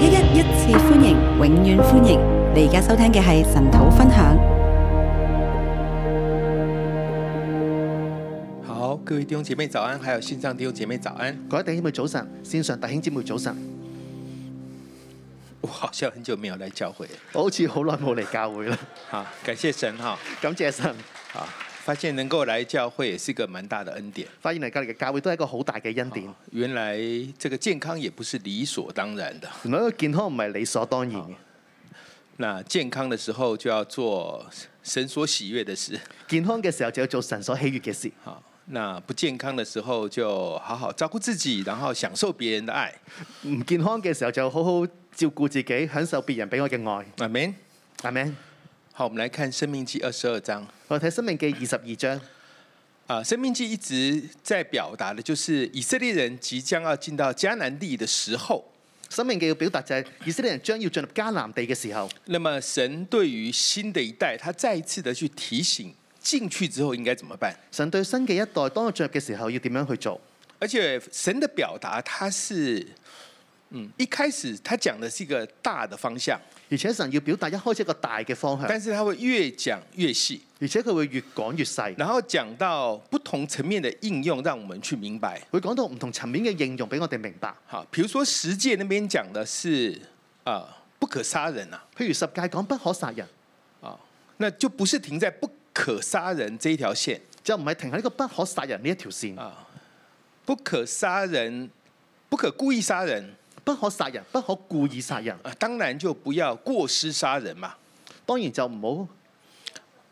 一一一次歡迎，永遠歡迎！你而家收聽嘅係神徒分享。好，各位弟兄姊妹早安，還有線上弟兄姊妹早安。各位弟兄姊妹早晨，線上弟兄姊妹早晨。我好像很久沒有來教會，我好似好耐冇嚟教會啦。吓、 啊，感謝神，吓，感謝神，吓。發現能夠來教會也是一個蠻大的恩典。發現嚟隔離嘅教會都係一個好大嘅恩典。原來這個健康也不是理所當然的。原來健康唔係理所當然嘅。那健康的時候就要做神所喜悦的事。健康嘅時候就要做神所喜悦嘅事。好，那不健康的時候就好好照顧自己，然後享受別人的愛。唔健康嘅時候就好好照顧自己，享受別人俾我嘅愛。Amen，Amen。好，我們來看《生命記》二十二章。我睇《生命記》二十二章。啊，《生命記》一直在表達的，就是以色列人即將要進到迦南地的時候，《生命記》要表達就係以色列人將要進入迦南地的時候。那麼，神對於新的一代，他再一次的去提醒，進去之後應該怎麼辦？神對新嘅一代，當佢進入嘅時候，要點樣去做？而且，神的表達，他是。嗯、一開始他講的是一個大的方向，而且想要，表達一開始一個大嘅方向，但是他會越講越細，而且佢會越講越細。然後講到不同層面嘅應用，讓我們去明白。會講到唔同層面嘅應用俾我哋明白。好，譬如說十戒那邊講的是、呃、不可殺人啊。譬如十戒講不可殺人啊、呃，那就不是停在不可殺人這一條線，就唔係停喺呢個不可殺人呢一條線啊、呃。不可殺人，不可故意殺人。不可殺人，不可故意殺人。當然就不要過失殺人嘛。當然就唔好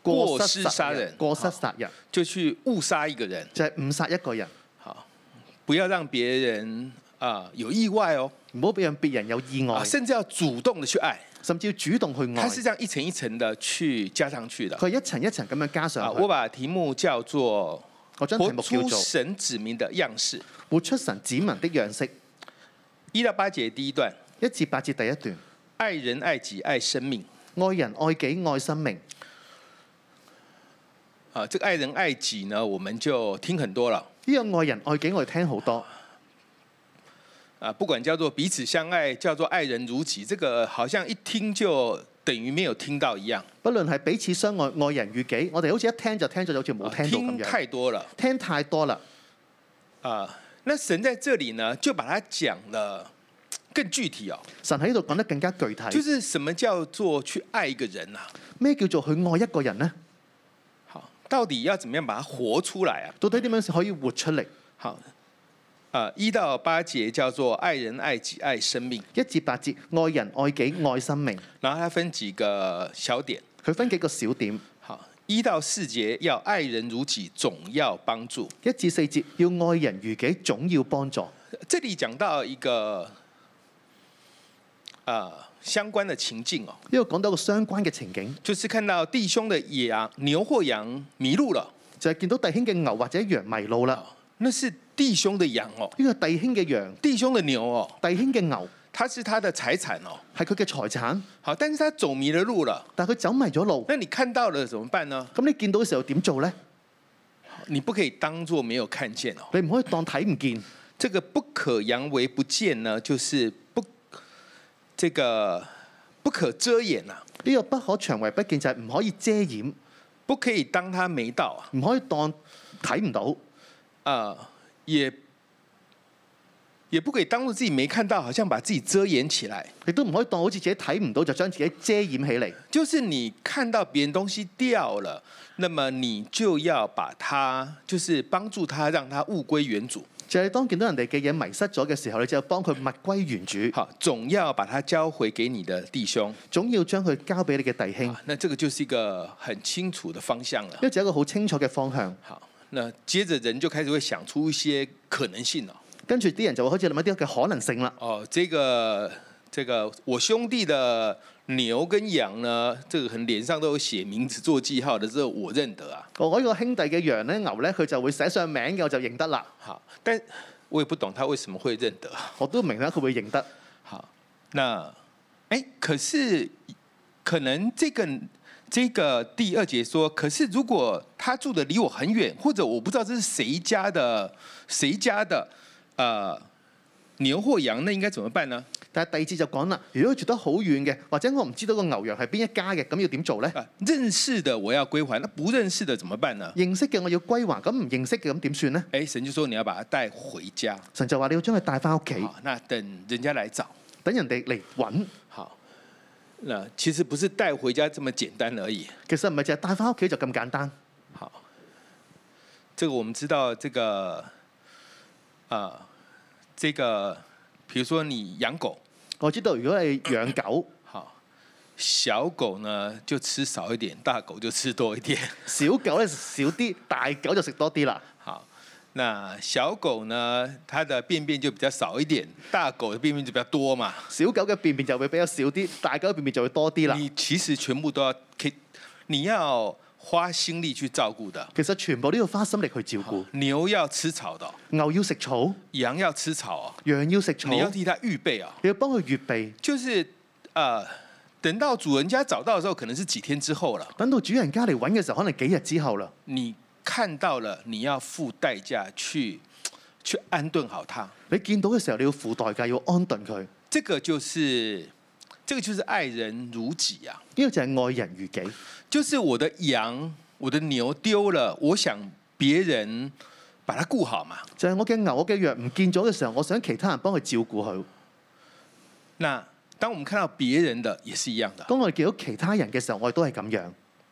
過失殺人，過失殺人，失殺人就去誤殺一個人，就係誤殺一個人。好，不要讓別人啊、呃、有意外哦，唔好俾人別人有意外，甚至要主動的去愛，甚至要主動去愛。他是這樣一層一層的去加上去的，佢一層一層咁樣加上去。去、啊。我把題目叫做我將題目叫做神子民的樣式，活出神子民的樣式。一到八節第一段，一至八節第一段，愛人愛己愛生命，愛人愛己愛生命。啊，這個愛人愛己呢，我們就聽很多啦。呢個愛人愛己我哋聽好多。啊，不管叫做彼此相愛，叫做愛人如己，這個好像一聽就等於沒有聽到一樣。不論係彼此相愛，愛人如己，我哋好似一聽就聽咗，就好似冇聽咁樣。啊。聽太多了，聽太多了。啊。那神在這裏呢，就把它講得更具體哦。神喺呢度講得更加具體。就是什麼叫做去愛一個人啊？咩叫做去愛一個人呢？好，到底要怎麼樣把它活出來啊？到底點樣可以活出嚟？好，誒、呃，一到八節叫做愛人愛己愛生命。一至八節，愛人愛己愛生命。然後它分幾個小點？佢分幾個小點？一到四節要愛人如己，總要幫助。一至四節要愛人如己，總要幫助。這裏講到一個呃相關的情境哦，因為講到一個相關嘅情景，就是看到弟兄的羊牛或羊迷路了，就係見到弟兄嘅牛或者羊迷路啦，哦。那是弟兄的羊哦，呢個弟兄嘅羊，弟兄嘅牛哦，弟兄嘅牛。他是他的財產咯、哦，係佢嘅財產。好，但是他走迷了路啦，但佢走迷咗路。那你看到了怎麼辦呢？咁你見到嘅時候點做咧？你不可以當做，沒有看見哦，你唔可以當睇唔見。這個不可佯為不見呢，就是不，這個不可遮掩啊。呢個不可佯為不見就係唔可以遮掩，不可以當他未到，唔可以當睇唔到，啊、呃，也。也不可以當做自己沒看到，好像把自己遮掩起來，你都唔可以當好似自己睇唔到就將自己遮掩起嚟。就是你看到別人東西掉了，那麼你就要把它，就是幫助他，讓他物歸原主。就係、是、當見到人哋嘅嘢迷失咗嘅時候，你就要幫佢物歸原主。好，總要把它交回給你的弟兄，總要將佢交俾你嘅弟兄。那這個就是一個很清楚的方向了，因為只有一個好清楚嘅方向。好，那接着人就開始會想出一些可能性了。跟住啲人就會開始諗一啲嘅可能性啦。哦，這個，這個我兄弟的牛跟羊呢，這個可能臉上都有寫名字做記號的，之、這個、我認得啊。我呢個兄弟嘅羊呢、牛呢，佢就會寫上名嘅，我就認得啦。吓，但我也不懂他為什麼會認得。我都明啦，佢會認得。好，那，誒、欸，可是可能這個，這個第二節說，可是如果他住得離我很遠，或者我不知道這是誰家的，誰家的？誒、呃，牛或羊呢，那應該怎麼辦呢？但係第二節就講啦，如果住得好遠嘅，或者我唔知道個牛羊係邊一家嘅，咁要點做呢？認識嘅我要歸還，那不認識嘅怎麼辦呢？認識嘅我要歸還，咁唔認識嘅咁點算呢？誒、欸，神就說你要把它帶回家。神就話你要將佢帶翻屋企。好，那等人家來找，等人哋嚟揾。好，那其實不是帶回家這麼簡單而已。其實唔係淨係帶翻屋企就咁簡單。好，這個我們知道，這個。啊、uh，這個，譬如說你養狗，我知道如果你養狗， 好，小狗呢就吃少一點，大狗就吃多一點。小狗呢少啲，大狗就食多啲啦。好，那小狗呢，它的便便就比較少一點，大狗的便便就比較多嘛。小狗嘅便便就會比較少啲，大狗便便就會多啲啦。你其實全部都要，你要。花心力去照顧的，其實全部都要花心力去照顧。牛要吃草的，牛要食草；羊要吃草，羊要食草。你要替他預備啊，你要幫佢預備。就是、呃，等到主人家找到的時候，可能是幾天之後啦。等到主人家嚟揾嘅時候，可能幾日之後啦。你看到了，你要付代價去去安頓好他。你見到嘅時候，你要付代價要安頓佢。這個就是。這個就是愛人如己啊，呢個就係愛人如己，就是我的羊、我的牛丟了，我想別人把它顧好嘛。就係我嘅牛、我嘅羊唔見咗嘅時候，我想其他人幫佢照顧佢。嗱，當我們看到別人的也是一樣的。當我見到其他人嘅時候，我亦都係咁樣。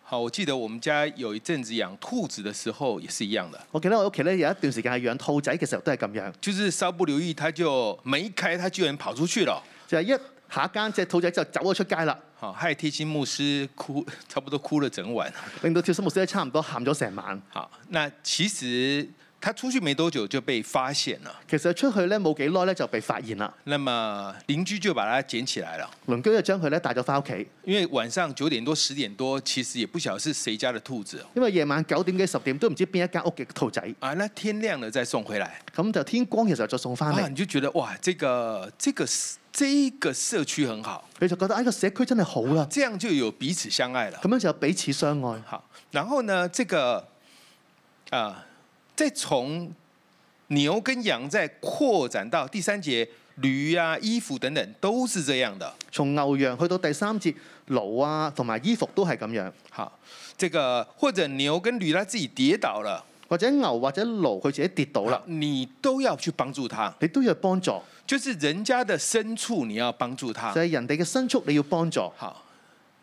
好，我記得我們家有一陣子養兔子的時候，也是一樣的。我記得我屋企咧有一段時間係養兔仔嘅時候，都係咁樣。就是稍不留意，它就門一開，它居然跑出去咯。就係一。下一間隻兔仔就走咗出街啦。好，係貼心牧師哭，差不多哭了整晚。令到貼心牧師差唔多喊咗成晚。好，那其實他出去沒多久就被發現了。其實出去咧冇幾耐咧就被發現啦。那麼鄰居就把它撿起來了。鄰居就將佢咧帶咗翻屋企。因為晚上九點多十點多，其實也不曉得是誰家的兔子。因為夜晚九點幾十點都唔知邊一間屋嘅兔仔。啊，那天亮了再送回來。咁就天光嘅時候就送翻嚟。啊，你就覺得哇，這個這個這個社區很好，你就覺得哎個社區真係好啦、啊、這樣就有彼此相愛了咁樣就有彼此相愛了，好，然後呢？這個啊、呃，再從牛跟羊再擴展到第三節，驢啊、衣服等等，都是這樣的。從牛羊去到第三節，驢啊同埋衣服都係咁樣吓，這個或者牛跟驢咧，自己跌倒了。或者牛或者驢，佢自己跌倒啦、啊，你都要去幫助他，你都要幫助，就是人家的牲畜你要幫助他，就係、是、人哋嘅牲畜你要幫助，吓，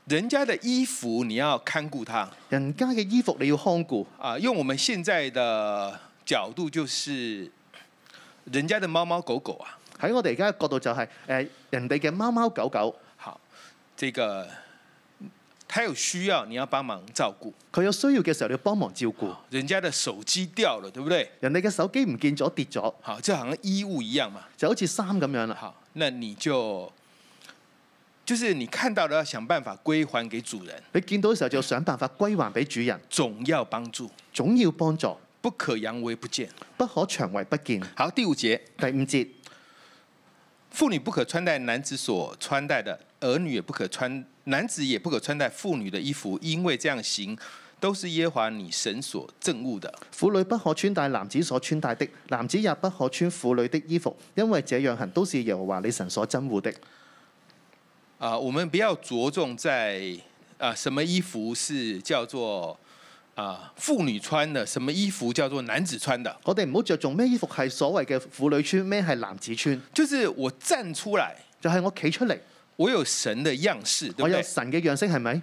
人家的衣服你要看顧他，人家嘅衣服你要看顧，啊，用我們現在的角度就是，人家的貓貓狗狗啊，喺我哋而家嘅角度就係，誒，人哋嘅貓貓狗狗，吓，這個。他有需要，你要幫忙照顧。佢有需要嘅時候，你要幫忙照顧。人家嘅手機掉了，對不對？人哋嘅手機唔見咗，跌咗，好，即係好似衣物一樣嘛，就好似衫咁樣啦。好，那你就，就是你看到都要想辦法歸還給主人。你見到嘅時候就想辦法歸還俾主人，總要幫助，總要幫助，不可佯為不見，不可長為不見。好，第五節，第五節，婦女不可穿戴男子所穿戴的，兒女也不可穿。男子也不可穿戴婦女的衣服，因為這樣行都是耶和華你神所憎惡的。婦女不可穿戴男子所穿戴的，男子也不可穿婦女的衣服，因為這樣行都是耶和華你神所憎惡的。啊，我們不要着重在啊什麼衣服是叫做啊婦女穿的，什麼衣服叫做男子穿的。我哋唔好着重咩衣服係所謂嘅婦女穿，咩係男子穿。就是我站出來，就係、是、我企出嚟。我有神的樣式，對不對？我有神嘅樣式係咪？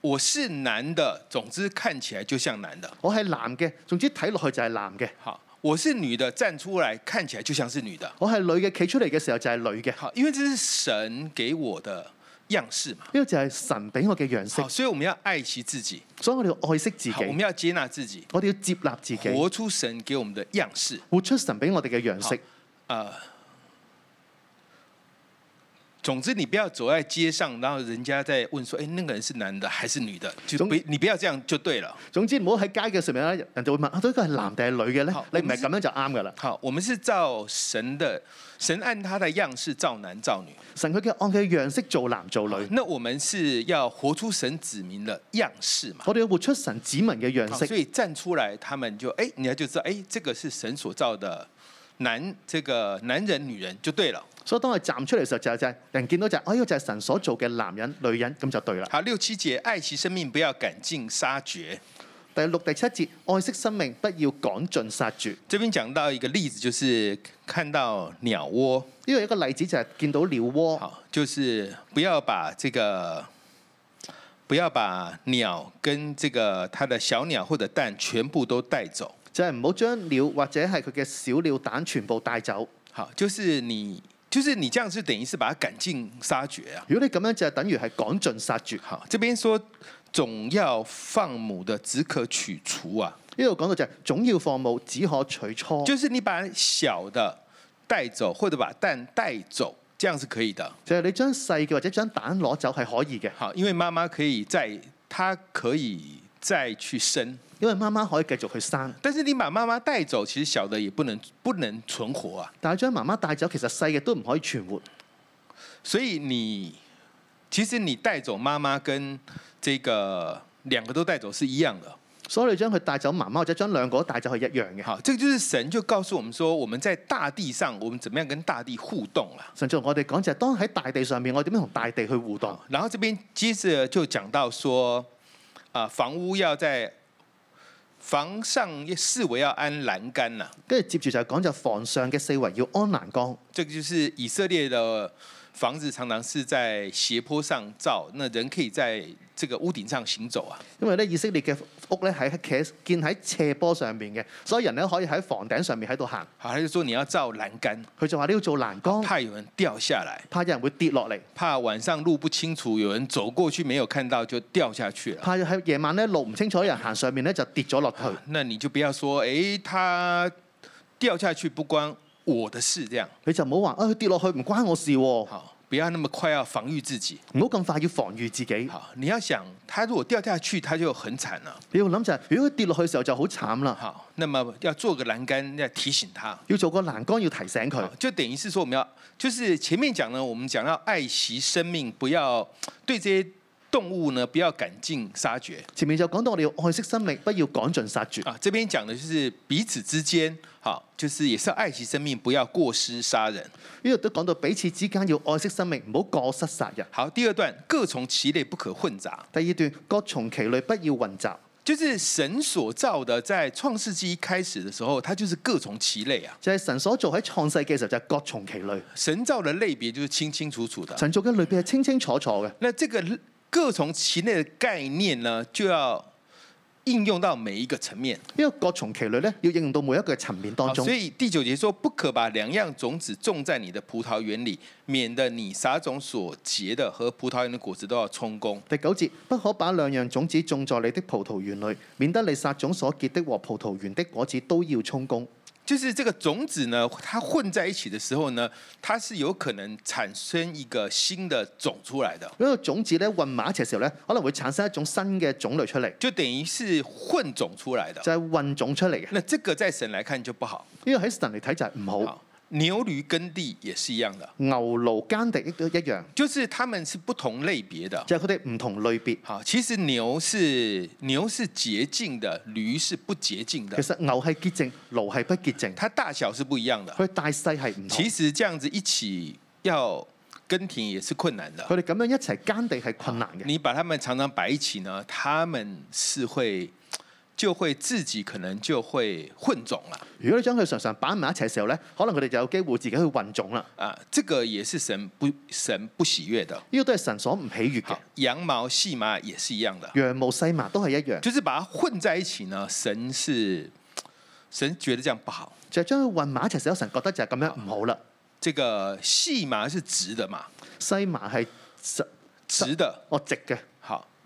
我是男的，總之看起來就像男的。我係男嘅，總之睇落去就係男嘅。好，我是女的，站出來看起來就像是女的。我係女嘅，企出嚟嘅時候就係女嘅。好，因為這是神給我的樣式嘛。呢個就係神俾我嘅樣式。所以我們要愛惜自己，所以我哋要愛惜自己，我們要接納自己，我哋要接納自己，活出神給我們的樣式，活出神俾我哋嘅樣式。誒。呃總之，你不要走在街上，然後人家在問說：“哎、欸，那個人是男的還是女的？”就不你不要這樣就對了。總之，唔好喺街嘅上面啦，人就會問：啊，呢個係男定係女嘅呢？你唔係咁樣就啱噶啦。好，我們是照神的，神按他的樣式造男造女，神佢按佢嘅樣式做男做女。那我們是要活出神指明的樣式嘛？我哋要活出神指明嘅樣式，所以站出來，他們就哎、欸，你家就知道哎、欸，這個是神所造的男，這個男人女人就對了。所以當佢站出嚟嘅時候，就係就係人見到就是，哦呢個就係神所做嘅男人、女人，咁就對啦。啊，六七節愛惜生命，不要趕盡殺絕。第六、第七節愛惜生命，不要趕盡殺絕。這邊講到一個例子，就是看到鳥窩，呢個一個例子就係見到鳥窩，好，就是不要把這個，不要把鳥跟這個它的小鳥或者蛋全部都帶走，就係唔好將鳥或者係佢嘅小鳥蛋全部帶走。好，就是你。就是你這樣是等於是把他趕盡殺絕啊！如果你咁樣就等於係趕盡殺絕。哈，這邊說總要放母的，只可取雛。啊。呢度講到就係總要放母，只可取雛。就是你把小的帶走，或者把蛋帶走，這樣是可以的。就係你將細嘅或者將蛋攞走係可以嘅。哈，因為媽媽可以再，她可以再去生。因為媽媽可以繼續去生，但是你把媽媽帶走，其實小的也不能不能存活啊。但係將媽媽帶走，其實細嘅都唔可以存活。所以你其實你帶走媽媽跟這個兩個都帶走是一樣嘅。所以你將佢帶走，媽媽或者將兩個帶走係一樣嘅。哈，這個就是神就告訴我們說，說我們在大地上，我們點樣跟大地互動啦、啊。神就我哋講就係當喺大地上面，我點樣同大地去互動。然後，這邊接着就講到說啊、呃，房屋要在。房上四圍要安欄杆啊，跟住接住就講，就房上嘅四圍要安欄杆，這個就是以色列的。房子常常是在斜坡上造，那人可以在這個屋頂上行走啊。因為呢，以色列嘅屋咧係建喺斜坡上面嘅，所以人咧可以喺房頂上面喺度行。啊，你就說你要造欄杆，佢就話你要做欄杆，怕有人掉下來，怕有人會跌落嚟，怕晚上路不清楚，有人走過去沒有看到就掉下去了。怕喺夜晚咧路唔清楚，有人行上面咧就跌咗落去，啊。那你就不要說，誒，欸，他掉下去不光。我的事，這樣你就唔好話，啊跌落去唔關我事喎。好，不要那麼快要防禦自己，唔好咁快要防禦自己。好，你要想，他如果掉下去，他就很慘啦。你要諗就係，如果跌落去嘅時候就好慘啦。好，那麼要做個欄杆，要提醒他，要做個欄杆要提醒佢。就等於是說，我們要，就是前面講呢，我們講要愛惜生命，不要對這些動物呢，不要趕盡殺絕。前面就講到我哋要愛惜生命，不要趕盡殺絕。啊，這邊講嘅就是彼此之間。就是也是要愛惜生命，不要過失殺人。呢度都講到彼此之間要愛惜生命，唔好過失殺人。好，第二段各從其類不可混雜。第二段各從其類不要混雜，就是神所造的，在創世紀開始的時候，它就是各從其類啊。就係神所造喺創世紀嘅時候就係各從其類，神造嘅類別就是清清楚楚的，神造嘅類別係清清楚楚嘅。那這個各從其類嘅概念呢，就要。應用到每一個層面，因為各從其律，各從其類咧，要應用到每一個層面當中。所以第九節說，不可把兩樣種子種在你的葡萄園裏，免得你撒種所結的和葡萄園的果子都要充公。第九節，不可把兩樣種子種在你的葡萄園裏，免得你撒種所結的和葡萄園的果子都要充公。就是這個種子呢，它混在一起的時候呢，它是有可能產生一個新的種出來的。那種子呢，混埋一齊嘅時候呢，可能會產生一種新嘅種類出嚟，就等於是混種出來的，就係混種出嚟嘅。那這個在神來看就不好，因為喺神嚟睇就係唔好。牛驢耕地也是一樣的，牛勞耕地亦都一樣，就是他們是不同類別的，就係佢哋唔同類別。哈，其實牛是牛是潔淨的，驢是不潔淨的。其實牛係潔淨，驢係不潔淨，它大小是不一樣的，佢大細係唔同。其實這樣子一起要耕田也是困難的，佢哋咁樣一齊耕地係困難嘅。你把他們常常擺一起呢，他們是會。就會自己可能就會混種啦。如果將佢常常把埋一齊時候咧，可能佢哋有機會自己去混種啦。啊，這個也是神不神不喜悅的。呢都係神所唔喜悅嘅。羊毛細麻也是一樣的。羊毛細麻都係一樣。就是把它混在一起呢，神是神覺得這樣不好。就將佢混埋一齊時候，神覺得就係咁樣唔好啦。這個細是麻是直嘅嘛？細麻係直直的，哦直嘅。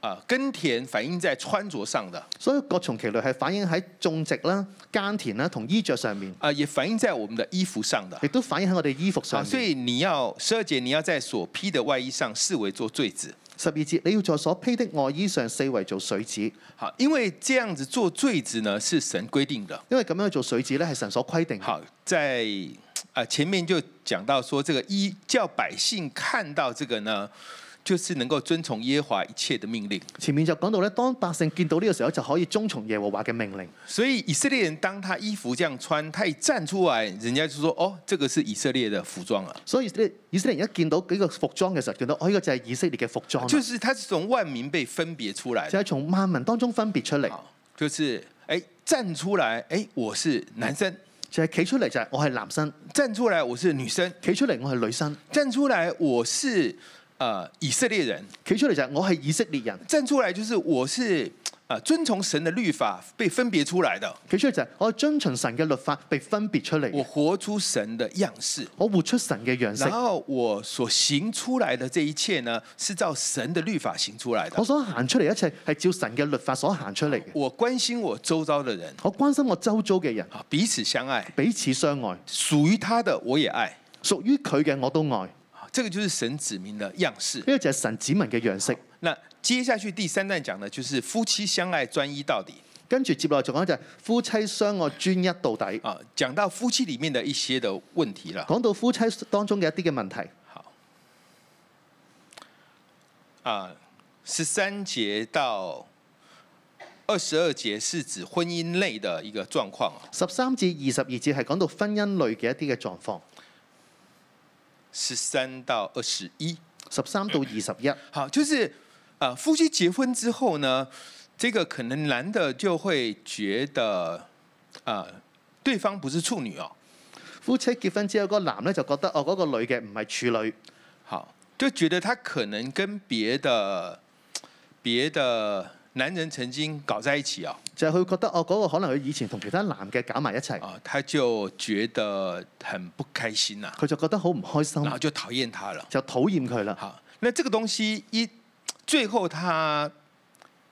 啊，耕田反映在穿着上的，所以各從其類係反映喺種植啦、耕田啦同衣着上面。啊，也反映在我們的衣服上的，亦都反映喺我哋衣服上、啊。所以你要十二節你要在所披的外衣上四圍做繸子。十二節你要在所披的外衣上四圍做繸子。好，因為這樣子做繸子呢是神規定的，因為咁樣做繸子呢係神所規定。好，在、啊、前面就講到說，這個衣叫百姓看到這個呢。就是能夠遵從耶和華一切的命令。前面就講到咧，當百姓見到呢個時候就可以遵從耶和華嘅命令。所以以色列人當他衣服這樣穿，他一站出來，人家就說：哦，這個是以色列的服裝啊。所、so, 以以色列人一見到呢個服裝嘅時候，見到哦呢個就係以色列嘅服裝。就是他是從萬民被分別出來的，就係、是、從萬民當中分別出嚟、就是欸欸。就是站出來，我是男生，就係企出嚟就係我係男生。站出來我是女生，企出嚟我係女生。站出來我是。呃、以色列人，企出嚟就我係以色列人，站出來就是我是啊遵從神的律法被分別出來的。企出嚟就我遵循神嘅律法被分別出嚟。我活出神的樣式，我活出神嘅樣式。然後我所行出來的這一切呢，是照神的律法行出來的。我所行出嚟一切係照神嘅律法所行出嚟。我關心我周遭的人，我關心我周遭嘅人，彼此相愛，彼此相愛。屬於他的我也愛，屬於佢嘅我也都愛。這個就是神子民的樣式，呢個就係神子民嘅樣式。那接下去第三段講嘅就是夫妻相愛專一到底，跟住接落嚟仲有一就係夫妻相愛專一到底。啊，講到夫妻裏面的一些的問題啦，講到夫妻當中嘅一啲嘅問題。好，啊，十三節到二十二節是指婚姻類的一個狀況，十三至二十二節係講到婚姻類嘅一啲嘅狀況。十三到二十一，十三到二十一，好，就是，啊，夫妻結婚之後呢，這個可能男的就會覺得，啊，對方不是處女哦。夫妻結婚之後，個男咧就覺得哦，個女嘅唔係處女，好，就覺得他可能跟別的別的。男人曾經搞在一起啊，就係、是、佢覺得哦，嗰、那個可能佢以前同其他男嘅搞埋一齊啊，他就覺得很不開心啦、啊，佢就覺得好唔開心，然後就討厭他了，就討厭佢啦。好，那這個東西一最後他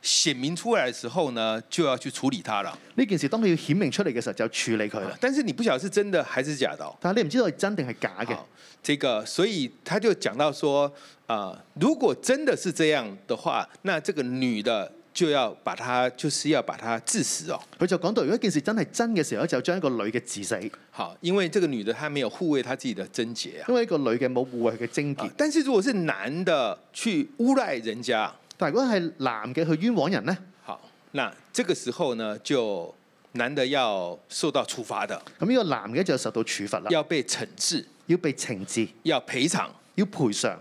顯明出來嘅時候呢，就要去處理他啦。呢件事當佢要顯明出嚟嘅時候就要處理佢啦、啊。但是你不曉得是真嘅還是假的，但係你唔知道係真定係假嘅。這個，所以他就講到說、呃、如果真的是這樣的話，那這個女的。.就要把他，就是要把他致死哦。佢就講到如果一件事真係真嘅時候，就將一個女嘅致死。好，因為這個女的她沒有護衛她自己的貞潔啊。因為一個女嘅冇護衛佢嘅貞潔。但是如果是男的去誣賴人家，但如果係男嘅去冤枉人呢，好，那這個時候呢就男的要受到處罰的。咁呢個男嘅就受到處罰啦，要被懲治，要被懲治，要賠償，要賠償。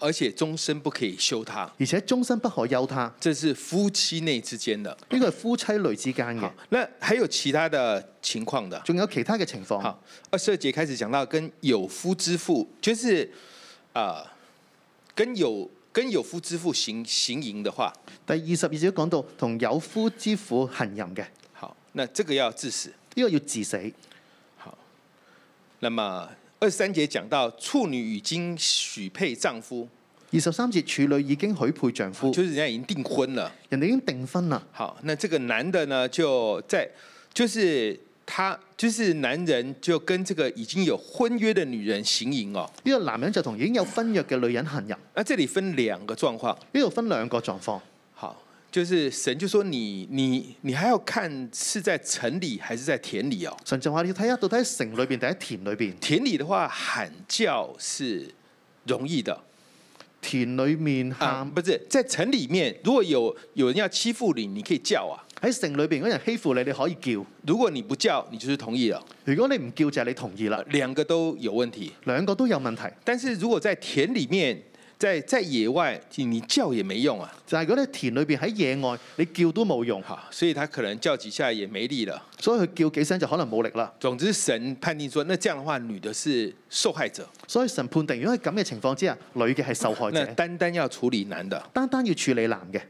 而且終身不可以休他，而且終身不可休他，這是夫妻內之間的，呢、這個係夫妻內之間嘅。那還有其他的情況的，仲有其他嘅情況。好，二十二節開始講到跟有夫之婦，就是啊、呃，跟有跟有夫之婦行行淫的話，第二十二節講到同有夫之婦行淫嘅。好，那這個要致死，呢、這個要致死。好，那麼。二十三節講到處女已經許配丈夫。二十三節處女已經許配丈夫，就是人家已經訂婚了。人哋已經訂婚了。好，那這個男的呢，就在，就是他，就是男人就跟這個已經有婚約的女人行淫哦。呢個男人就同已經有婚約嘅女人行淫。啊，這裏分兩個狀況。呢度分兩個狀況。就是神就說，你你你還要看是在城裏還是在田裏哦。神講話，你睇下到底喺城裏邊定喺田裏邊。田裏的話，喊叫是容易的。田裏面喊、啊、不是在城裏面，如果有有人要欺負你，你可以叫啊。喺城裏邊嗰人欺負你，你可以叫。如果你不叫，你就是同意了。如果你唔叫就係、是、你同意啦。兩個都有問題，兩個都有問題。但是如果在田裏面。在在野外，你叫也沒用啊！就係嗰啲田裏邊喺野外，你叫都冇用。吓，所以佢可能叫幾下也沒力了。所以佢叫幾聲就可能冇力啦。總之神判定說，那這樣的話女的是受害者，所以神判定如果係咁嘅情況之下，女嘅係受害者。那單單要處理男的，單單要處理男嘅。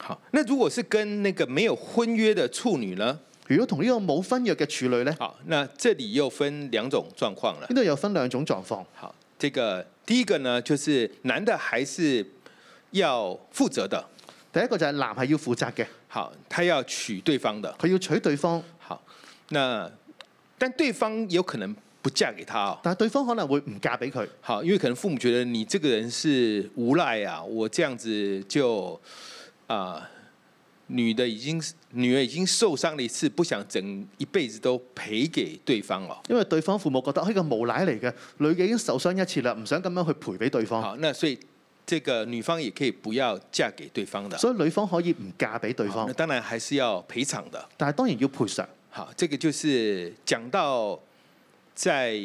好，那如果是跟那個沒有婚約的處女呢？如果同呢個冇婚約嘅處女呢，好，那這裏又分兩種狀況啦。呢度又分兩種狀況。好，這個第一個呢，就是男的還是要負責的。第一個就係男係要負責嘅。好，他要娶對方的。佢要娶對方。好，那但對方有可能不嫁給他。但係對方可能會唔嫁俾佢。好，因為可能父母覺得你呢個人是無賴啊，我這樣子就啊。呃女的已經，女的已經受傷了一次，不想整一輩子都賠給對方咯。因為對方父母覺得係一個無賴嚟嘅，女嘅已經受傷一次啦，唔想咁樣去賠俾對方。好，那所以這個女方也可以不要嫁給對方的，所以女方可以唔嫁俾對方。當然還是要賠償的，但係當然要賠償。好，這個就是講到在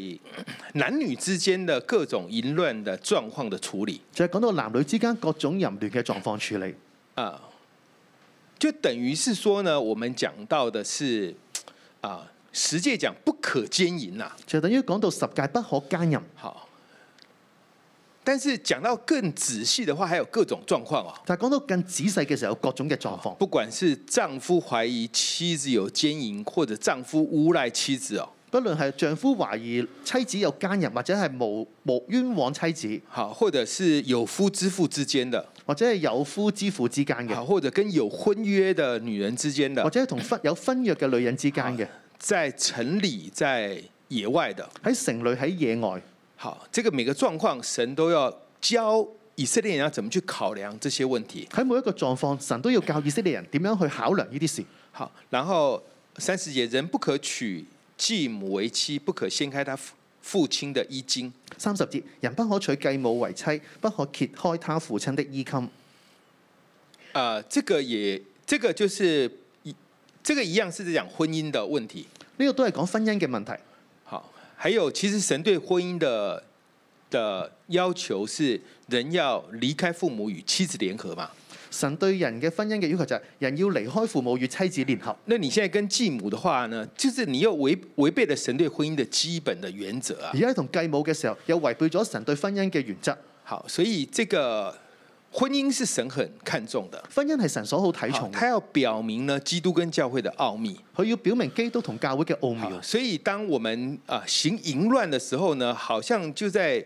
男女之間的各種淫亂的狀況的處理，就係講到男女之間各種淫亂嘅狀況處理啊。就等於是說呢，我們講到的是啊十戒講不可奸淫啦，就等於講到十戒不可奸淫。好，但是講到更仔細的話，還有各種狀況啊。但講到更仔細嘅時候，各種嘅狀況，不管是丈夫懷疑妻子有奸淫，或者丈夫誣賴妻子哦。不論係丈夫懷疑妻子有奸淫，或者係無無冤枉妻子、哦，好，或者是有夫之婦之間的。或者係有夫之婦之間嘅，或者跟有婚約的女人之間嘅，或者係同婚有婚約嘅女人之間嘅，在城裏、在野外的，喺城裏、喺野外。好，這個每個狀況，神都要教以色列人要怎麼去考量這些問題。喺每一個狀況，神都要教以色列人點樣去考量呢啲事。好，然後三十節，人不可娶繼母為妻，不可掀開他父。父親的衣襟，三十節，人不可娶繼母為妻，不可揭開他父親的衣襟。啊、呃，這個也，這個就是，這個一樣是在講婚姻的問題。呢、這個都係講婚姻嘅問題。好，還有，其實神對婚姻的的要求是，人要離開父母與妻子聯合嘛。神對人嘅婚姻嘅要求就係人要離開父母與妻子聯合。那你現在跟繼母的話呢，就是你又違違背了神對婚姻的基本的原則啊。而家同繼母嘅時候又違背咗神對婚姻嘅原則。好，所以這個婚姻是神很看重的，婚姻係神所好睇重的。他要表明呢，基督跟教會的奧秘，佢要表明基督同教會嘅奧妙。所以當我們啊行淫亂的時候呢，好像就在。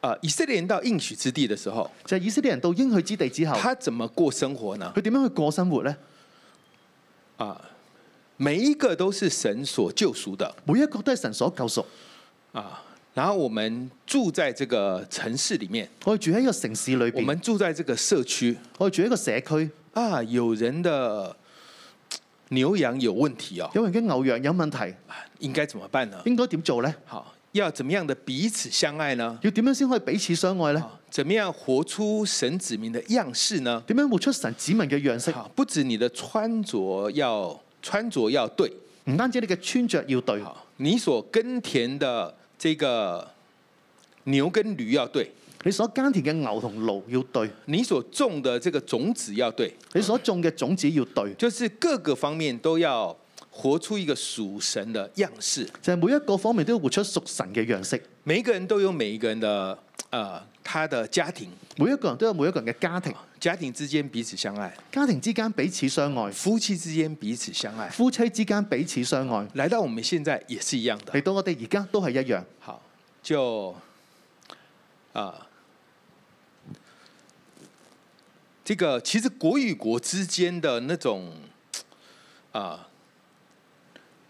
Uh, 以色列人到應許之地的時候，就是、以色列人到應許之地之後，他怎麼過生活呢？佢點樣去過生活呢？啊、uh,，每一個都是神所救贖的，每一個都係神所救贖。啊、uh,，然後我們住在這個城市裏面，我住喺個城市裏邊，我們住在這個社區，我住喺個社區。啊、uh, 哦，有人的牛羊有問題啊，有人嘅牛羊有問題，應該怎麼辦呢？應該點做呢？好。要怎麼樣的彼此相愛呢？要點樣先可以彼此相愛呢？怎麼樣活出神子民的樣式呢？點樣活出神子民嘅樣式？不止你的穿着要，穿着要對，唔單止你嘅穿着要對，你所耕田的這個牛跟驢要對，你所耕田嘅牛同驢要對，你所種的這個種子要對，你所種嘅種子要對，就是各個方面都要。活出一個屬神的樣式，就係、是、每一個方面都要活出屬神嘅樣式。每一個人都有每一個人的、呃，他的家庭。每一個人都有每一個人嘅家庭，家庭之間彼此相愛，家庭之間彼此相愛，夫妻之間彼此相愛，夫妻之間彼此相愛、啊。來到我們現在也是一樣的，嚟到我哋而家都係一樣。好，就，啊、呃，這個其實國與國之間的那種，啊、呃。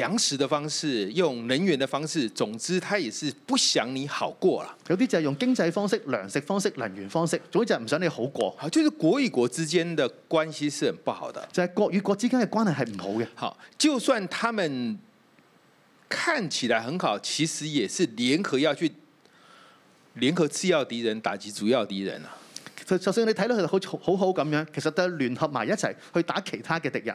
糧食的方式，用能源的方式，總之，他也是不想你好過啦。有啲就係用經濟方式、糧食方式、能源方式，總之就唔想你好過。就是、國國好，就是國與國之間的關係是很不好的。就係國與國之間嘅關係係唔好嘅。吓，就算他們看起來很好，其實也是聯合要去聯合次要敵人，打擊主要敵人。就就算你睇到佢哋好，好好好咁樣，其實都係聯合埋一齊去打其他嘅敵人。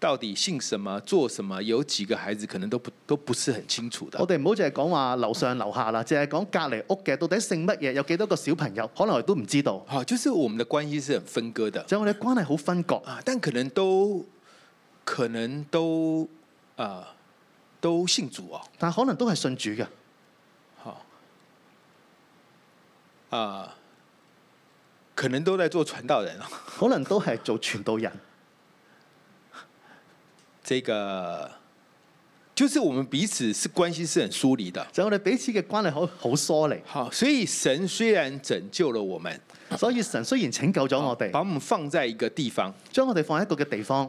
到底姓什麼、做什麼、有幾個孩子，可能都不都不是很清楚的。我哋唔好淨係講話樓上樓下啦，淨係講隔籬屋嘅，到底姓乜嘢、有幾多個小朋友，可能我都唔知道。好，就是我們的關係是很分割的，即係、我哋關係好分割啊，但可能都可能都啊、呃、都信主啊，但可能都係信主嘅。啊、呃，可能都在做傳道人啊，可能都係做傳道人。 這個就是我們彼此是關係是很疏離的，所以我哋彼此嘅關係好好疏離。所以神雖然拯救了我們，所以神雖然拯救咗我哋，把我們放在一個地方，將我哋放喺一個嘅地方。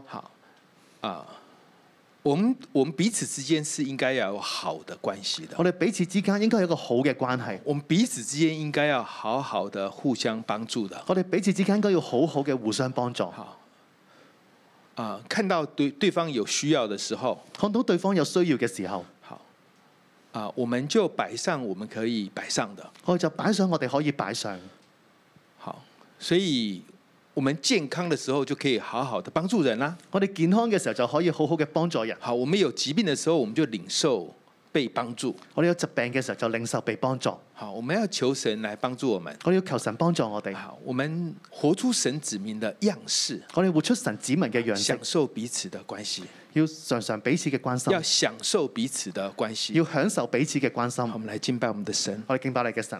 我們我們彼此之間是應該要有好的關係的，我哋彼此之間應該有一個好嘅關係，我們彼此之間應該要好好的互相幫助的，我哋彼此之間應該要好好的互相幫助。啊，看到對對方有需要的時候，看到對方有需要的時候，好，啊，我們就擺上我們可以擺上的，我們就擺上我哋可以擺上，好，所以我們健康的時候就可以好好的幫助人啦。我哋健康嘅時候就可以好好嘅幫助人。好，我們有疾病的時候，我們就領受。被幫助，我哋有疾病嘅時候就領受被幫助。好，我們要求神來幫助我們。好，我哋要求神幫助我哋。好，我們活出神子民的樣式，我哋活出神子民嘅樣式。享受彼此的關係，要常常彼此嘅關心。要享受彼此的關係。要享受彼此嘅關心。好，我們來敬拜我們的神，我哋敬拜你嘅神。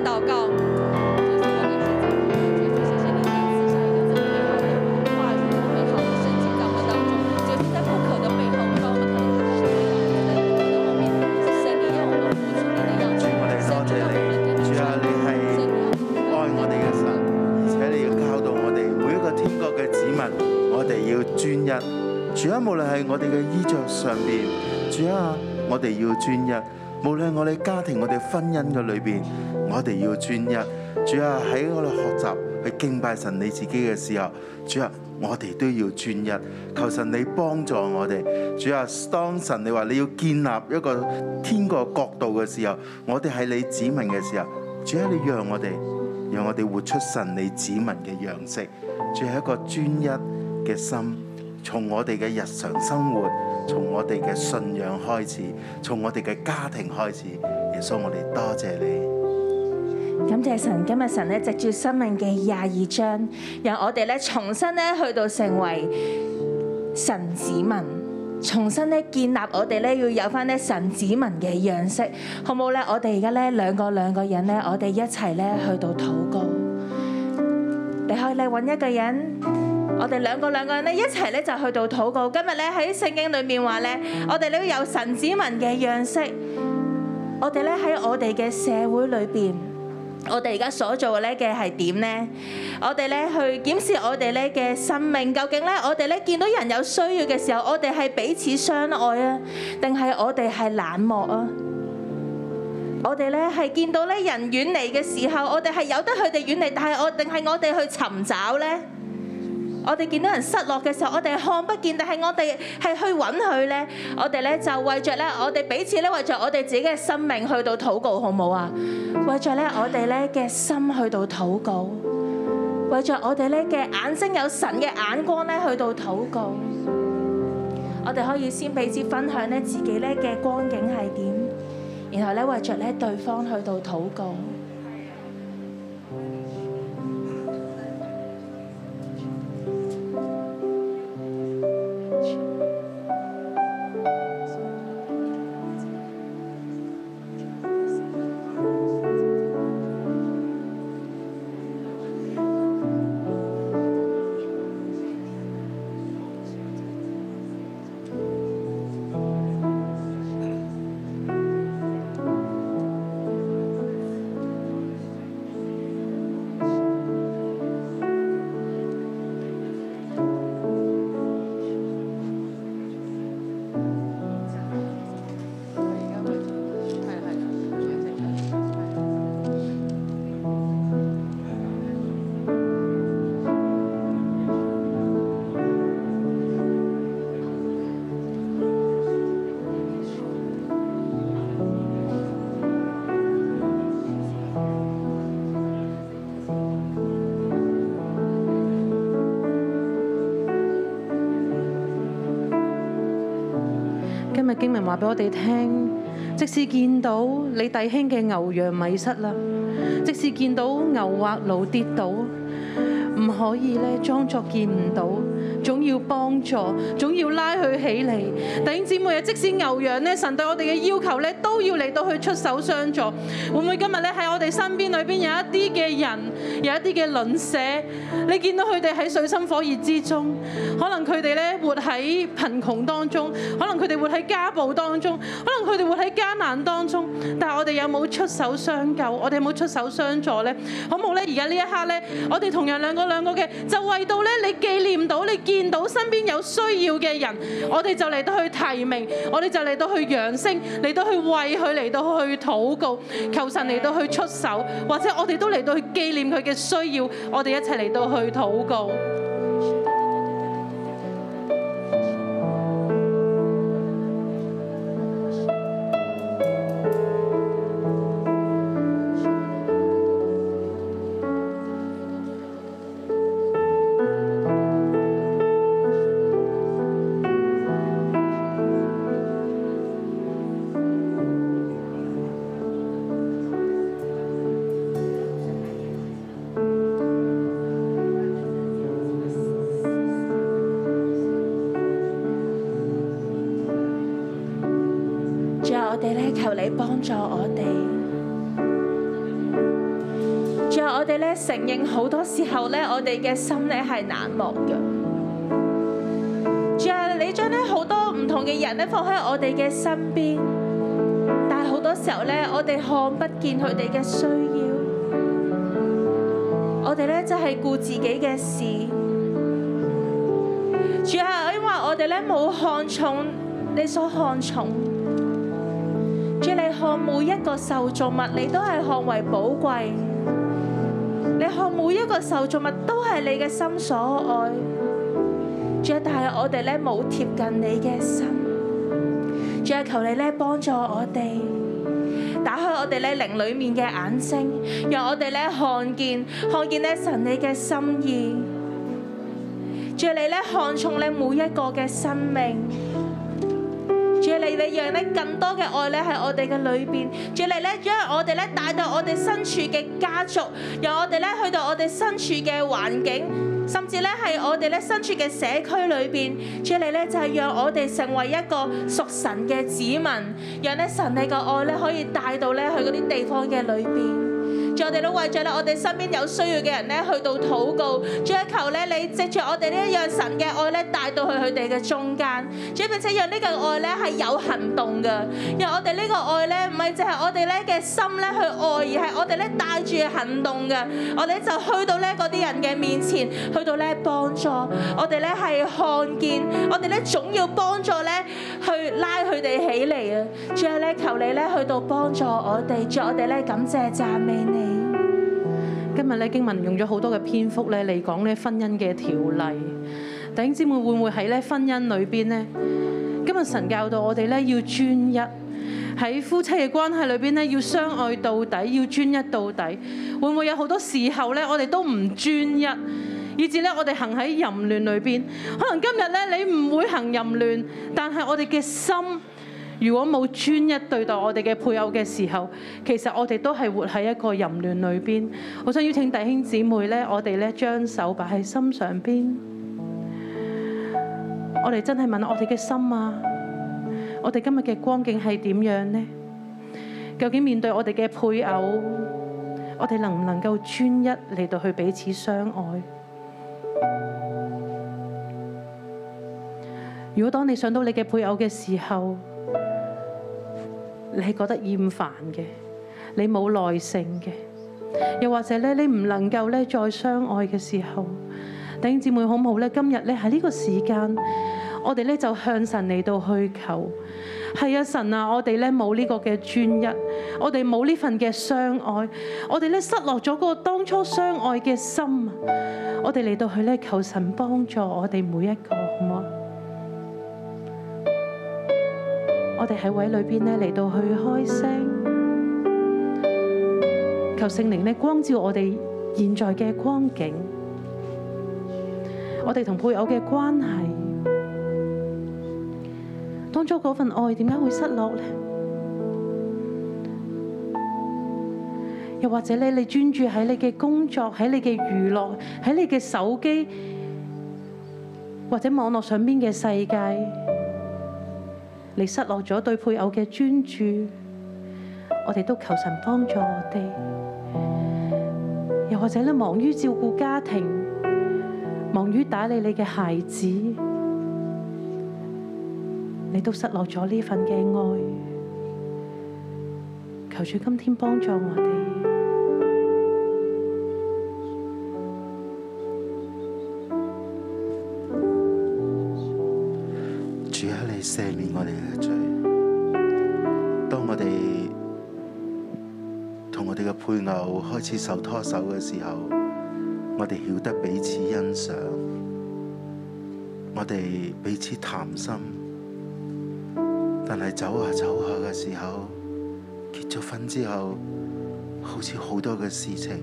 禱告。謝謝主，賜下一個這麼美好的話語，這麼美好的聖經，當中，就是在痛苦的背後，讓我們的到神的愛，在的後面，是神，你要我們活出你的樣子，神，你要我們跟主學，神，愛我哋嘅神，而且你要教導我哋每一個天國嘅子民，我哋要專一。主啊，無論係我哋嘅衣着上邊，主啊，我哋要專一。無論我哋家庭、我哋婚姻嘅裏邊，我哋要專一。主啊，喺我哋學習去敬拜神你自己嘅時候，主啊，我哋都要專一。求神你幫助我哋。主啊，當神你話你要建立一個天國角度嘅時候，我哋喺你指明嘅時候，主啊，你讓我哋，讓我哋活出神你指明嘅樣式，主啊，喺一個專一嘅心，從我哋嘅日常生活。從我哋嘅信仰開始，從我哋嘅家庭開始，耶穌，我哋多謝你，感謝神。今日神咧藉住生命嘅廿二章，讓我哋咧重新咧去到成為神子民，重新咧建立我哋咧要有翻咧神子民嘅樣式，好唔好咧？我哋而家咧兩個兩個人咧，我哋一齊咧去到禱告。你可以嚟搵一個人。我哋兩個兩個人咧一齊咧就去到禱告。今日咧喺聖經裏面話咧，我哋都有神子民嘅樣式。我哋咧喺我哋嘅社會裏邊，我哋而家所做嘅咧嘅係點咧？我哋咧去檢視我哋咧嘅生命，究竟咧我哋咧見到人有需要嘅時候，我哋係彼此相愛啊，定係我哋係冷漠啊？我哋咧係見到咧人遠離嘅時候，我哋係由得佢哋遠離，但係我定係我哋去尋找咧？我哋見到人失落嘅時候，我哋係看不見，但係我哋係去揾佢。呢，我哋咧就為著咧，我哋彼此咧為著我哋自己嘅生命去到禱告，好唔好啊？為著咧我哋咧嘅心去到禱告，為著我哋咧嘅眼睛有神嘅眼光咧去到禱告。我哋可以先彼此分享咧自己咧嘅光景係點，然後咧為著咧對方去到禱告。話俾我哋聽，即使見到你弟兄嘅牛羊迷失啦，即使見到牛或驢跌倒，唔可以咧裝作見唔到。總要幫助，總要拉佢起嚟。弟兄姊妹啊，即使牛羊咧，神對我哋嘅要求咧，都要嚟到去出手相助。會唔會今日咧，喺我哋身邊裏邊有一啲嘅人，有一啲嘅鄰舍，你見到佢哋喺水深火熱之中，可能佢哋咧活喺貧窮當中，可能佢哋活喺家暴當中，可能佢哋活喺艱難當中。但係我哋有冇出手相救？我哋有冇出手相助咧？好唔好咧，而家呢一刻咧，我哋同樣兩個兩個嘅，就為到咧，你紀念到你。見到身邊有需要嘅人，我哋就嚟到去提名，我哋就嚟到去揚聲，嚟到去為佢，嚟到去禱告，求神嚟到去出手，或者我哋都嚟到去紀念佢嘅需要，我哋一齊嚟到去禱告。喺我哋嘅身邊，但係好多時候咧，我哋看不見佢哋嘅需要，我哋咧就係顧自己嘅事。主啊，因為我哋咧冇看重你所看重，主你看每一個受造物，你都係看為寶貴，你看每一個受造物都係你嘅心所愛。主，但係我哋咧冇貼近你嘅心。再求你咧幫助我哋，打開我哋咧靈裏面嘅眼睛，讓我哋咧看見，看見咧神你嘅心意。再你咧看重你每一個嘅生命。再嚟你讓咧更多嘅愛咧喺我哋嘅裏邊。再你咧將我哋咧帶到我哋身處嘅家族，由我哋咧去到我哋身處嘅環境。甚至呢，喺我哋咧身處嘅社區裏面，主啊，你咧就係讓我哋成為一個屬神嘅子民，讓咧神你個愛咧可以帶到咧去嗰啲地方嘅裏面。我哋都為咗咧，我哋身邊有需要嘅人咧，去到禱告，再求咧你藉住我哋呢一樣神嘅愛咧，帶到去佢哋嘅中間，再並且讓呢個愛咧係有行動嘅，因為我哋呢個愛咧唔係淨係我哋咧嘅心咧去愛，而係我哋咧帶住行動嘅，我哋就去到咧嗰啲人嘅面前，去到咧幫助，我哋咧係看見，我哋咧總要幫助咧去拉佢哋起嚟啊！最後咧求你咧去到幫助我哋，祝我哋咧感謝讚美你。今日咧經文用咗好多嘅篇幅咧嚟講咧婚姻嘅條例，弟兄姊妹會唔會喺咧婚姻裏邊咧？今日神教導我哋咧要專一，喺夫妻嘅關係裏邊咧要相愛到底，要專一到底。會唔會有好多時候咧我哋都唔專一，以至咧我哋行喺淫亂裏邊？可能今日咧你唔會行淫亂，但係我哋嘅心。如果冇專一對待我哋嘅配偶嘅時候，其實我哋都係活喺一個淫亂裏面。我想邀請弟兄姊妹呢，我哋呢將手擺喺心上邊，我哋真係問我哋嘅心啊，我哋今日嘅光景係點樣呢？究竟面對我哋嘅配偶，我哋能唔能夠專一嚟到去彼此相愛？如果當你想到你嘅配偶嘅時候，你係覺得厭煩嘅，你冇耐性嘅，又或者咧，你唔能夠咧再相愛嘅時候，弟兄姊妹好唔好咧？今日咧喺呢個時間，我哋咧就向神嚟到去求，係啊，神啊，我哋咧冇呢個嘅專一，我哋冇呢份嘅相愛，我哋咧失落咗嗰個當初相愛嘅心，我哋嚟到去咧求神幫助我哋每一個，好唔好？我哋喺位裏邊呢，嚟到去開聲，求聖靈呢，光照我哋現在嘅光景，我哋同配偶嘅關係，當初嗰份愛點解會失落咧？又或者你你專注喺你嘅工作，喺你嘅娛樂，喺你嘅手機或者網絡上邊嘅世界。你失落咗對配偶嘅專注，我哋都求神幫助我哋。又或者咧，忙於照顧家庭，忙於打理你嘅孩子，你都失落咗呢份嘅愛。求主今天幫助我哋。開始手拖手嘅時候，我哋曉得彼此欣賞，我哋彼此談心。但係走下走下嘅時候，結咗婚之後，好似好多嘅事情，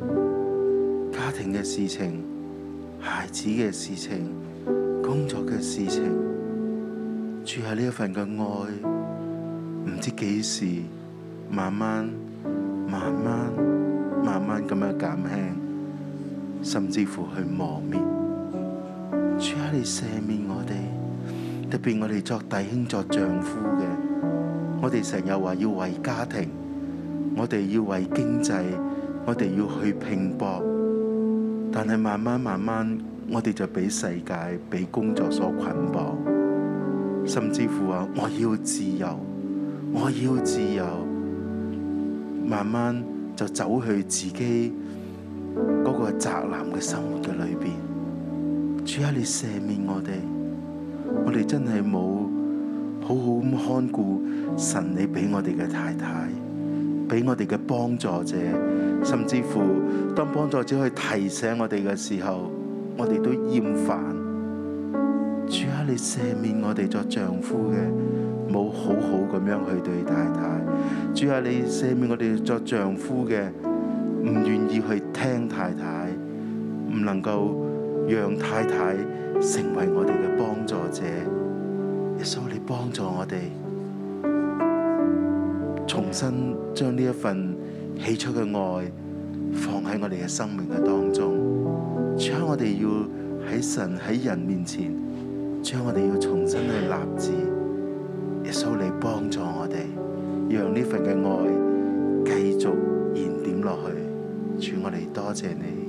家庭嘅事情、孩子嘅事情、工作嘅事情，住喺呢一份嘅愛，唔知幾時，慢慢，慢慢。慢慢咁樣減輕，甚至乎去磨滅。主啊，你赦免我哋，特別我哋作弟兄、作丈夫嘅，我哋成日話要為家庭，我哋要為經濟，我哋要去拼搏。但係慢慢、慢慢，我哋就俾世界、俾工作所捆綁，甚至乎話我要自由，我要自由。慢慢。就走去自己嗰個宅男嘅生活嘅裏邊，主啊，你赦免我哋，我哋真係冇好好咁看顧神你俾我哋嘅太太，俾我哋嘅幫助者，甚至乎當幫助者去提醒我哋嘅時候，我哋都厭煩。主啊，你赦免我哋作丈夫嘅。好，好好好咁樣去對太太，主啊，你赦免我哋作丈夫嘅，唔願意去聽太太，唔能夠讓太太成為我哋嘅幫助者。耶穌，你幫助我哋，重新將呢一份起初嘅愛放喺我哋嘅生命嘅當中將。主我哋要喺神喺人面前，主我哋要重新去立志。讓呢份嘅愛繼續燃點落去，主我哋多謝你。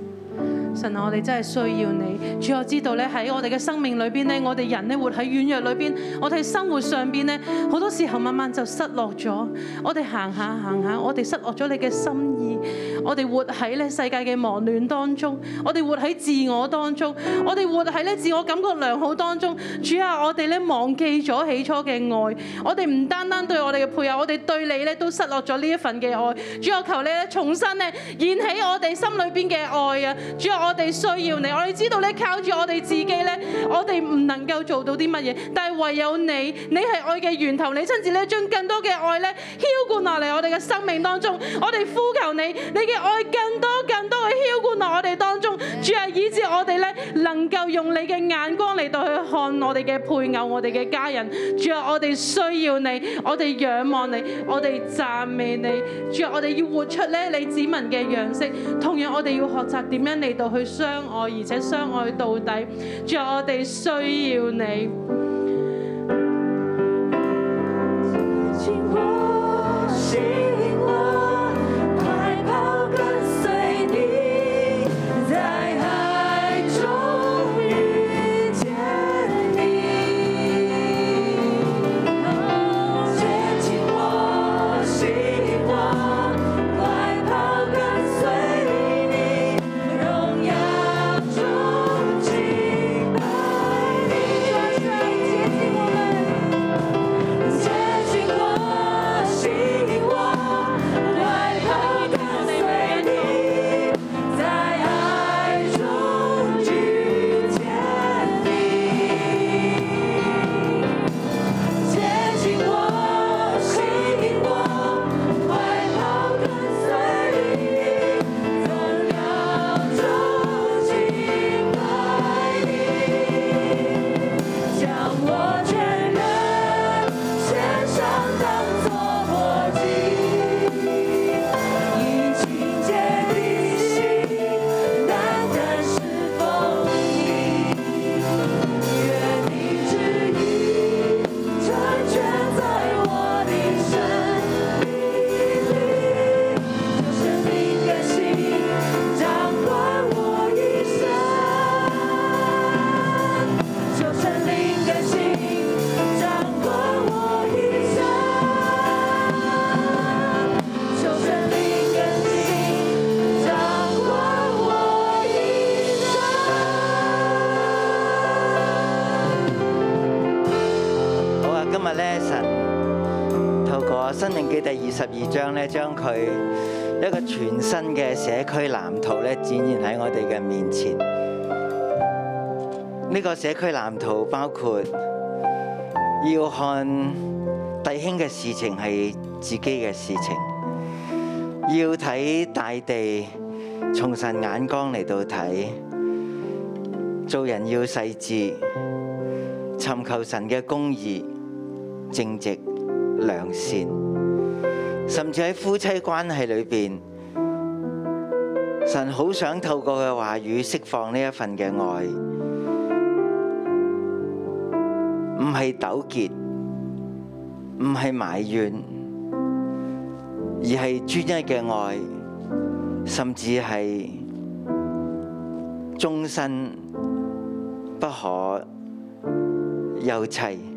神啊，我哋真係需要你。主我知道咧喺我哋嘅生命裏邊咧，我哋人咧活喺軟弱裏邊，我哋生活上邊咧好多時候慢慢就失落咗。我哋行下行下，我哋失落咗你嘅心意。我哋活喺咧世界嘅忙亂當中，我哋活喺自我當中，我哋活喺咧自我感覺良好當中。主啊，我哋咧忘記咗起初嘅愛，我哋唔單單對我哋嘅配偶，我哋對你咧都失落咗呢一份嘅愛。主啊，求你咧重新咧燃起我哋心裏邊嘅愛啊！主啊，我哋需要你。我哋知道咧靠住我哋自己咧，我哋唔能夠做到啲乜嘢，但係唯有你，你係愛嘅源頭，你親自咧將更多嘅愛咧澆灌落嚟我哋嘅生命當中。我哋呼求你，你嘅愛更多更多嘅澆灌落我哋當中，主啊以致我哋咧能夠用你嘅眼光嚟到去看我哋嘅配偶、我哋嘅家人，主啊我哋需要你，我哋仰望你，我哋讚美你，主啊我哋要活出咧你子民嘅樣式，同樣我哋要學習點樣嚟到去相愛而且相愛到底，主啊我哋需要你。十二章咧，將佢一個全新嘅社區藍圖咧，展現喺我哋嘅面前。呢個社區藍圖包括要看弟兄嘅事情係自己嘅事情，要睇大地從神眼光嚟到睇，做人要細緻，尋求神嘅公義、正直、良善。甚至喺夫妻關係裏面，神好想透過佢嘅話語釋放呢一份嘅愛，唔係糾結，唔係埋怨，而係專一嘅愛，甚至係終身不可休棄。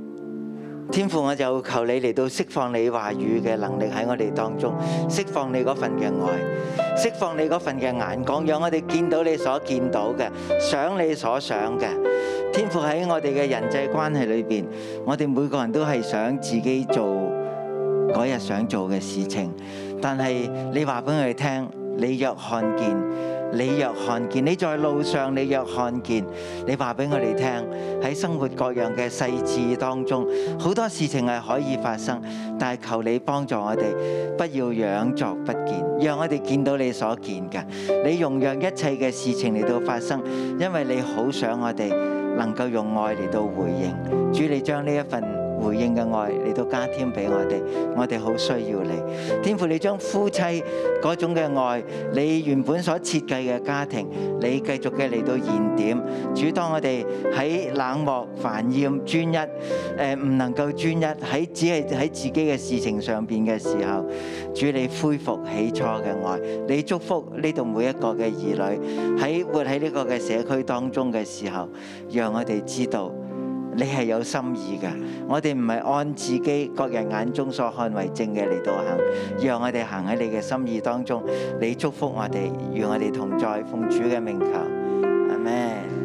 天父，我就求你嚟到釋放你話語嘅能力喺我哋當中，釋放你嗰份嘅愛，釋放你嗰份嘅眼光，讓我哋見到你所見到嘅，想你所想嘅。天父，喺我哋嘅人際關係裏邊，我哋每個人都係想自己做嗰日想做嘅事情，但係你話俾我哋聽，你若看見。你若看見你在路上，你若看見你話俾我哋聽，喺生活各樣嘅細節當中，好多事情係可以發生，但係求你幫助我哋，不要佯作不見，讓我哋見到你所見嘅，你容讓一切嘅事情嚟到發生，因為你好想我哋能夠用愛嚟到回應，主你將呢一份，回應嘅愛你都加添俾我哋，我哋好需要你，天父你將夫妻嗰種嘅愛，你原本所設計嘅家庭，你繼續嘅嚟到現點，主當我哋喺冷漠、煩厭、專一，誒唔能夠專一喺只係喺自己嘅事情上邊嘅時候，主你恢復起初嘅愛，你祝福呢度每一個嘅兒女喺活喺呢個嘅社區當中嘅時候，讓我哋知道。你係有心意嘅，我哋唔係按自己各人眼中所看為正嘅嚟到行，讓我哋行喺你嘅心意當中。你祝福我哋，與我哋同在，奉主嘅名求，阿們。